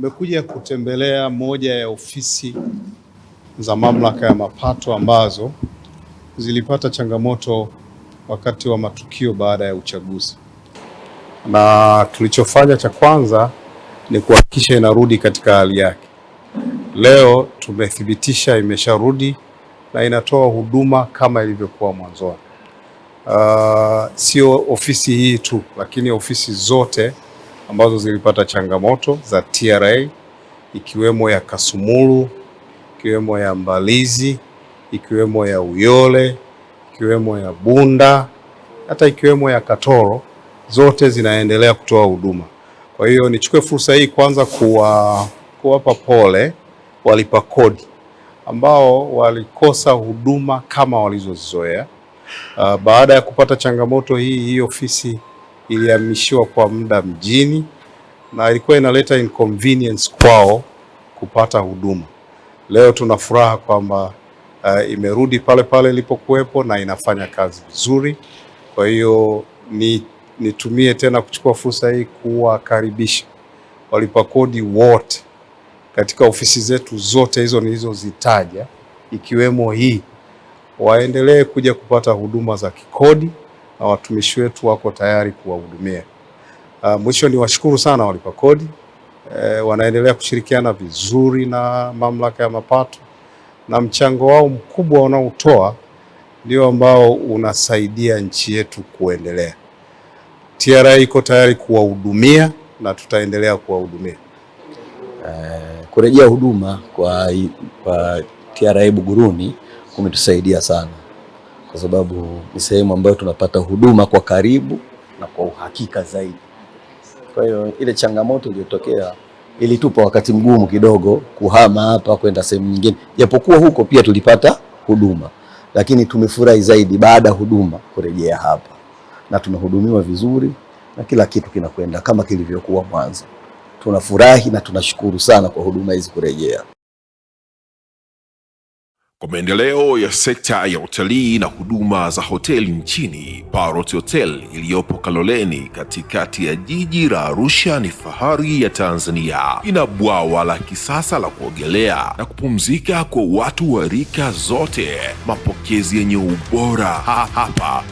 Mmekuja kutembelea moja ya ofisi za mamlaka ya mapato ambazo zilipata changamoto wakati wa matukio baada ya uchaguzi, na tulichofanya cha kwanza ni kuhakikisha inarudi katika hali yake. Leo tumethibitisha imesharudi na inatoa huduma kama ilivyokuwa mwanzoni. Uh, sio ofisi hii tu, lakini ofisi zote ambazo zilipata changamoto za TRA ikiwemo ya Kasumulu, ikiwemo ya Mbalizi, ikiwemo ya Uyole, ikiwemo ya Bunda, hata ikiwemo ya Katoro, zote zinaendelea kutoa huduma. Kwa hiyo nichukue fursa hii kwanza kuwa kuwapa pole walipa kodi ambao walikosa huduma kama walizozizoea. Uh, baada ya kupata changamoto hii, hii ofisi ilihamishiwa kwa muda mjini na ilikuwa inaleta inconvenience kwao kupata huduma. Leo tuna furaha kwamba uh, imerudi pale pale ilipokuwepo na inafanya kazi vizuri. Kwa hiyo ni nitumie tena kuchukua fursa hii kuwakaribisha walipa kodi wote katika ofisi zetu zote hizo nilizozitaja ikiwemo hii, waendelee kuja kupata huduma za kikodi na watumishi wetu wako tayari kuwahudumia. Ah, mwisho ni washukuru sana walipa kodi e, wanaendelea kushirikiana vizuri na mamlaka ya mapato na mchango wao mkubwa wanaotoa ndio ambao unasaidia nchi yetu kuendelea. TRA iko tayari kuwahudumia na tutaendelea kuwahudumia. Uh, kurejea huduma kwa, kwa TRA Buguruni kumetusaidia sana kwa sababu ni sehemu ambayo tunapata huduma kwa karibu na kwa uhakika zaidi. Kwa hiyo ile changamoto iliyotokea ilitupa wakati mgumu kidogo kuhama hapa kwenda sehemu nyingine, japokuwa huko pia tulipata huduma, lakini tumefurahi zaidi baada ya huduma kurejea hapa, na tunahudumiwa vizuri na kila kitu kinakwenda kama kilivyokuwa mwanzo. Tunafurahi na tunashukuru sana kwa huduma hizi kurejea kwa maendeleo ya sekta ya utalii na huduma za hoteli nchini. Parrot Hotel iliyopo Kaloleni katikati ya jiji la Arusha ni fahari ya Tanzania. Ina bwawa la kisasa la kuogelea na kupumzika kwa watu wa rika zote, mapokezi yenye ubora. Ha, hapa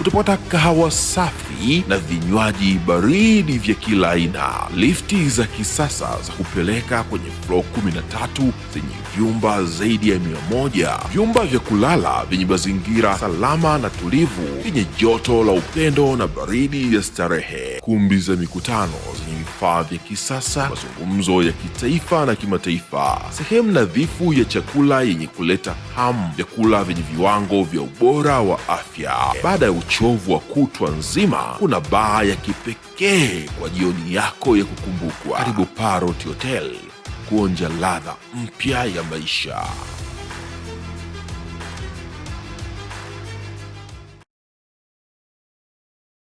utapata kahawa safi na vinywaji baridi vya kila aina, lifti za kisasa za kupeleka kwenye flo 13 zenye vyumba zaidi ya mia moja, vyumba vya kulala vyenye mazingira salama na tulivu, vyenye joto la upendo na baridi ya starehe, kumbi za mikutano zenye vifaa vya kisasa, mazungumzo ya kitaifa na kimataifa, sehemu nadhifu ya chakula yenye kuleta hamu, vyakula vyenye viwango vya ubora wa afya. Baada ya uchovu wa kutwa nzima, kuna baa ya kipekee kwa jioni yako ya kukumbukwa. Karibu Parrot Hotel kuonja ladha mpya ya maisha.